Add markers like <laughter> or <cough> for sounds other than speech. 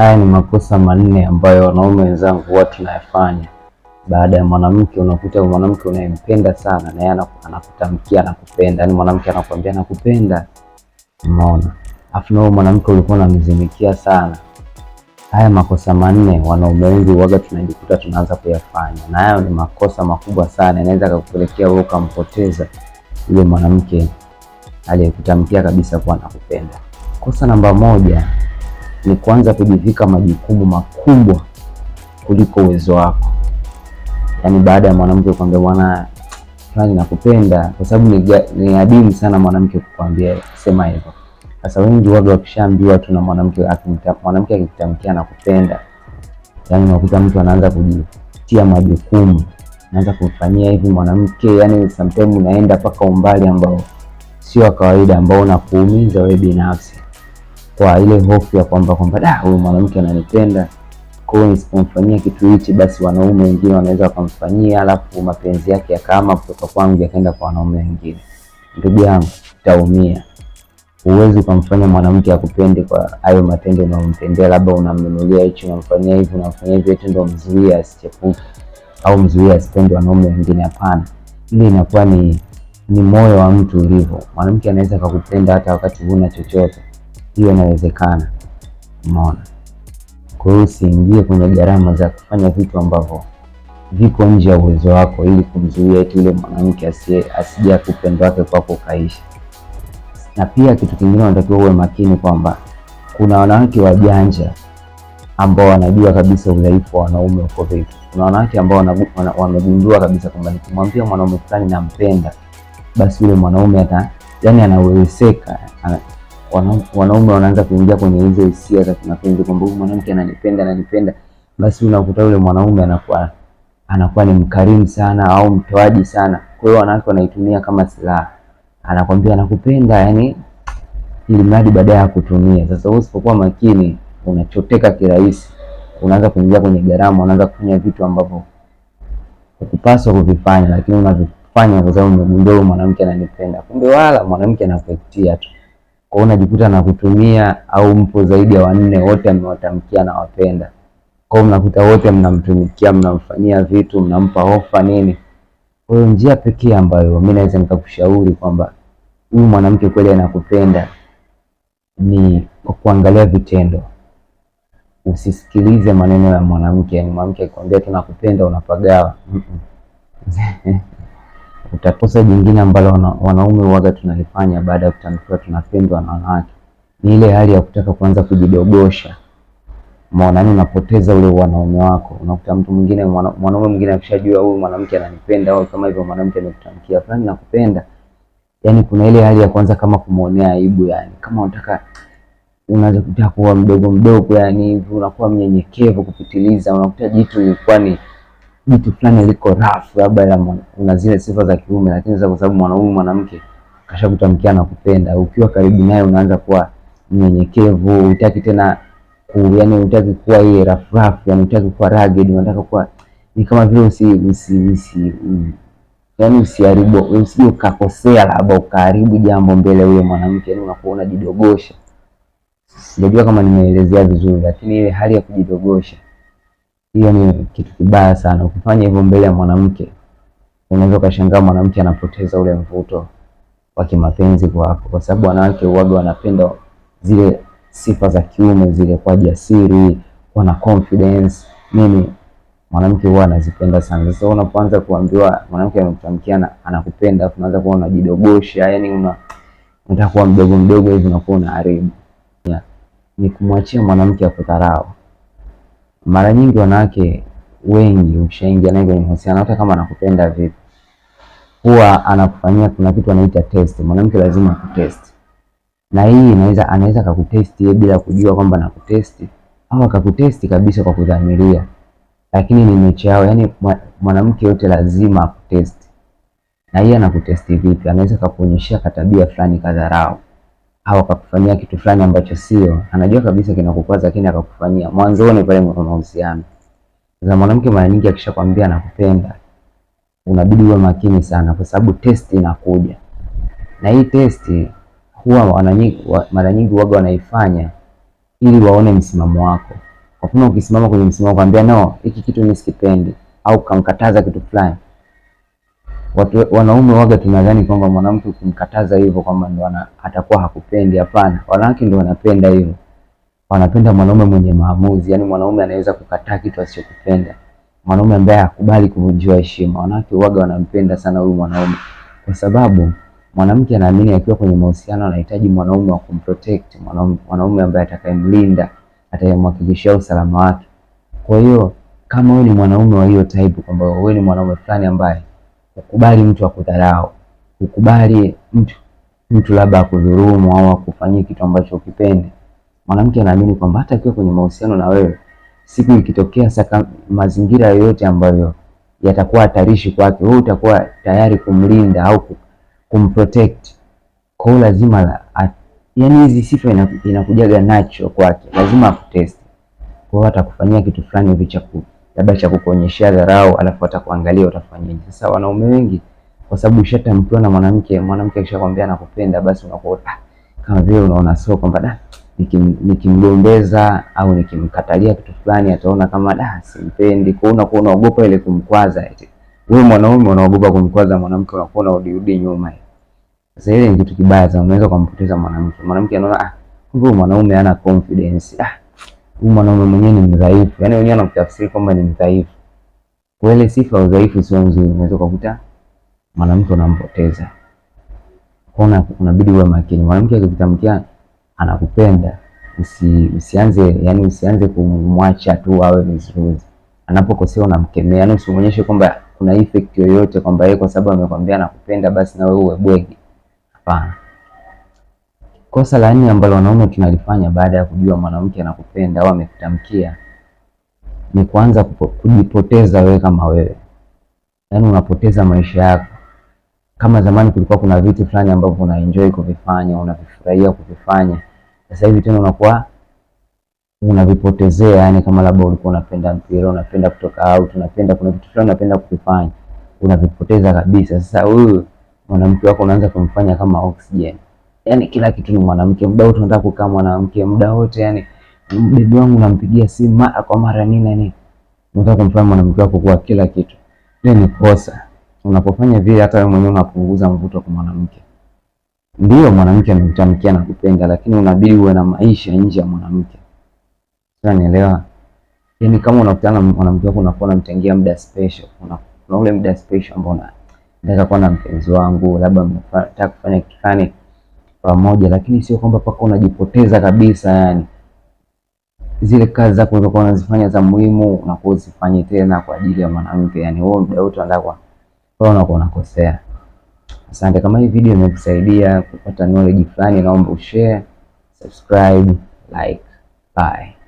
Haya ni makosa manne ambayo wanaume wenzangu huwa tunayafanya baada ya mwanamke. Unakuta mwanamke unayempenda sana na yeye anakutamkia anakupenda, yani mwanamke anakuambia anakupenda, umeona, afu nao mwanamke ulikuwa unamzimikia sana. Haya makosa manne wanaume wengi waga tunajikuta tunaanza kuyafanya, na hayo ni makosa makubwa sana, inaweza kakupelekea wewe ukampoteza yule mwanamke aliyekutamkia kabisa kuwa anakupenda. Kosa namba moja ni kuanza kujivika majukumu makubwa kuliko uwezo wako. Yaani baada ya mwanamke kwambia bwana fulani nakupenda, kwa sababu ni, ni adimu sana mwanamke kukwambia sema hivyo. Sasa wengi waga wakishaambiwa tu na mwanamke mwanamke akikutamkia nakupenda, yaani unakuta mtu anaanza kujitia majukumu, anaanza kumfanyia hivi mwanamke, yaani sometimes unaenda mpaka umbali ambao sio kawaida, ambao unakuumiza wewe binafsi kwa ile hofu ya kwamba kwamba da, ah, huyu mwanamke ananipenda, kwa hiyo nisipomfanyia kitu hichi, basi wanaume wengine wanaweza wakamfanyia, alafu mapenzi yake yakahama kutoka kwangu yakaenda kwa wanaume wengine. Ndugu yangu, taumia. Huwezi ukamfanya mwanamke akupende kwa hayo matendo unayomtendea, labda unamnunulia hichi, unamfanyia hivi, unamfanyia hivi, eti ndo mzuia asichepuke au mzuia asipende wanaume wengine. Hapana, ile inakuwa ni ni moyo wa mtu ulivyo. Mwanamke anaweza akakupenda hata wakati huna chochote hiyo inawezekana, umeona. Kwa hiyo usiingie kwenye gharama za kufanya vitu ambavyo viko nje ya uwezo wako, ili kumzuia eti yule mwanamke asije kupendo wake kwako ukaishi. Na pia kitu kingine unatakiwa uwe makini kwamba kuna wanawake wajanja ambao wanajua kabisa udhaifu wa wanaume uko vipi. Kuna wanawake ambao wamegundua kabisa kwamba nikimwambia mwanaume fulani nampenda, basi yule mwanaume ata, yani anaweweseka wanaume wanaanza kuingia kwenye hizo hisia za kimapenzi kwamba huyu mwanamke ananipenda ananipenda, basi unakuta yule mwanaume anakuwa anakuwa ni mkarimu sana au mtoaji sana. Kwa hiyo wanawake wanaitumia kama silaha, anakwambia anakupenda, yani ili mradi baadaye akutumie. Sasa wewe usipokuwa makini, unachoteka kirahisi, unaanza kuingia kwenye gharama, unaanza kufanya vitu ambavyo ukupaswa kuvifanya, lakini unavifanya kwa sababu umegundua mwanamke ananipenda, kumbe wala mwanamke anakuitia tu. Kwa hiyo unajikuta na kutumia au mpo zaidi ya wanne, wote amewatamkia na wapenda. Kwa hiyo mnakuta wote mnamtumikia, mnamfanyia vitu, mnampa ofa nini. Kwa hiyo njia pekee ambayo mimi naweza nikakushauri kwamba huyu mwanamke kweli anakupenda ni kwa kuangalia vitendo. Usisikilize maneno ya mwanamke, yani mwanamke akikwambia tunakupenda unapagawa. <laughs> Utakosa jingine ambalo wana, wanaume waga tunalifanya baada ya kutamkiwa tunapendwa na wanawake ni ile hali ya kutaka kuanza kujidogosha. Maana unapoteza ule wanaume wako. Unakuta mtu mwingine mwanaume mwingine akishajua huyu mwanamke ananipenda au kama hivyo mwanamke amekutamkia fulani nakupenda. yani kuna ile hali ya kwanza kama kumuonea aibu yani. Kama unataka unaweza kuwa mdogo mdogo yani unakuwa mnyenyekevu kupitiliza unakuta jitu ilikuwa ni jitu fulani liko rafu, labda una zile sifa za kiume, lakini sasa kwa sababu mwanaume mwanamke kashakutamkia na kupenda, ukiwa karibu naye unaanza kuwa mnyenyekevu, hutaki tena yani, hutaki kuwa ile rafu rafu, yani hutaki kuwa rugged, unataka kuwa ni kama vile usi usi usi yani usiharibu, usije ukakosea labda ukaharibu jambo mbele huyo mwanamke, yani unakuwa unajidogosha. Sijajua kama nimeelezea vizuri, lakini ile hali ya kujidogosha hiyo ni kitu kibaya sana. Ukifanya hivyo mbele ya mwanamke, unaweza ukashangaa mwanamke anapoteza ule mvuto wa kimapenzi kwako, kwa sababu wanawake huwaga wanapenda zile sifa za kiume zile, kwa jasiri, kwa na confidence. Mimi mwanamke huwa anazipenda sana. Sasa unapoanza kuambiwa mwanamke amekutamkia anakupenda, afu unaanza kuwa unajidogosha, yani una unataka kuwa mdogo mdogo hivi, unakuwa unaharibu. Ni kumwachia mwanamke akudharau. Mara nyingi wanawake wengi, ushaingia naye kwenye mahusiano, hata kama anakupenda vipi, huwa anakufanyia kuna kitu anaita test. Mwanamke lazima akutest, na hii inaweza anaweza akakutest bila kujua kwamba anakutest, au akakutest kabisa kwa kudhamiria, lakini ni mechi yao. Yani mwanamke yote lazima akutest, na yeye anakutesti vipi? Anaweza akakuonyeshea katabia fulani kadharau au akakufanyia kitu fulani ambacho sio, anajua kabisa kinakukwaza, lakini akakufanyia mwanzoni pale kwa mahusiano. Sasa mwanamke mara nyingi akishakwambia nakupenda, unabidi uwe makini sana, kwa sababu testi inakuja, na hii testi huwa mara nyingi waga wanaifanya ili waone msimamo wako. Kwa mfano, ukisimama kwenye msimamo kwambia no, hiki kitu mimi sikipendi, au kamkataza kitu fulani watu wanaume waga tunadhani kwamba mwanamke ukimkataza hivyo kwamba ndo atakuwa hakupendi. Hapana, wanawake ndo wanapenda hivyo, wanapenda mwanaume mwenye maamuzi, yani mwanaume anaweza kukataa kitu asichokipenda, mwanaume ambaye hakubali kuvunjiwa heshima. Wanawake waga wanampenda sana huyu mwanaume, kwa sababu mwanamke anaamini akiwa kwenye mahusiano anahitaji mwanaume wa kumprotect, mwanaume ambaye atakayemlinda, atayemhakikishia usalama wake. Kwa hiyo kama wewe ni mwanaume wa hiyo type, kwamba wewe ni mwanaume fulani ambaye kukubali mtu akudharau, kukubali mtu mtu labda akudhulumu au akufanyie kitu ambacho ukipende Mwanamke anaamini kwamba hata akiwa kwenye mahusiano na wewe, siku ikitokea saka mazingira yoyote ambayo yatakuwa hatarishi kwake, wewe utakuwa tayari kumlinda au kumprotect. Kwa hiyo lazima la, at, yani hizi sifa inakujaga nacho kwake, lazima akuteste. Kwa hiyo atakufanyia kitu fulani hivi cha labda cha kukuonyeshea dharau, alafu atakuangalia utafanyaje. Sasa wanaume wengi kwa sababu ushatamkiwa na mwanamke, mwanamke akishakwambia anakupenda, basi unakuwa ah, kama vile unaona sio kwamba da, nikimgombeza au nikimkatalia kitu fulani ataona kama da, simpendi. Kwa unakuwa unaogopa ile kumkwaza, eti wewe mwanaume unaogopa kumkwaza mwanamke, unakuwa unarudirudi nyuma. Sasa ile ni kitu kibaya sana, unaweza kumpoteza mwanamke. Mwanamke anaona ah, huyu mwanaume hana confidence ah huyu mwanaume mwenyewe ni mdhaifu, yani wenyewe anakutafsiri kwamba ni mdhaifu. Kwa ile sifa ya udhaifu sio nzuri, unaweza kukuta mwanamke unampoteza. Kuna unabidi uwe makini. Mwanamke akikutamkia anakupenda, usi, usianze yani usianze kumwacha tu awe vizuri. Anapokosea unamkemea, yani usimuonyeshe kwamba kuna effect yoyote kwamba yeye kwa sababu amekwambia anakupenda basi na wewe uwe bwegi. Hapana. Kosa la nne ambalo wanaume tunalifanya baada ya kujua mwanamke anakupenda au amekutamkia ni kuanza kujipoteza wewe kama wewe, yaani unapoteza maisha yako. Kama zamani kulikuwa kuna vitu fulani ambavyo una enjoy kuvifanya, unavifurahia kuvifanya, sasa hivi tena unakuwa unavipotezea. Yani kama labda ulikuwa unapenda mpira, unapenda kutoka out, unapenda kuna vitu fulani unapenda kuvifanya, unavipoteza kabisa. Sasa huyu mwanamke wako unaanza kumfanya kama oxygen yani kila kitu ni mwanamke, muda wote unataka kukaa mwanamke, muda wote yani bibi wangu nampigia simu mara kwa mara, nini nini. Unataka kumfanya mwanamke wako kuwa kila kitu, hiyo ni kosa. Unapofanya vile, hata wewe mwenyewe unapunguza mvuto kwa mwanamke. Ndio mwanamke amekutamkia na kupenda, lakini unabidi uwe na maisha nje ya mwanamke. Sasa nielewa, yani kama unakutana na mwanamke wako unakuwa unamtengia muda special, una ule muda special ambao unataka kuwa na mpenzi wangu, labda mnataka kufanya kitu fulani pamoja, lakini sio kwamba paka unajipoteza kabisa. Yani zile kazi zako ulizokuwa unazifanya za muhimu unakuwa usifanye tena kwa ajili ya mwanamke, yani wewe muda wote unataka kwa, unakuwa unakosea. Asante. Kama hii video imekusaidia kupata knowledge fulani, naomba ushare, subscribe, like. Bye.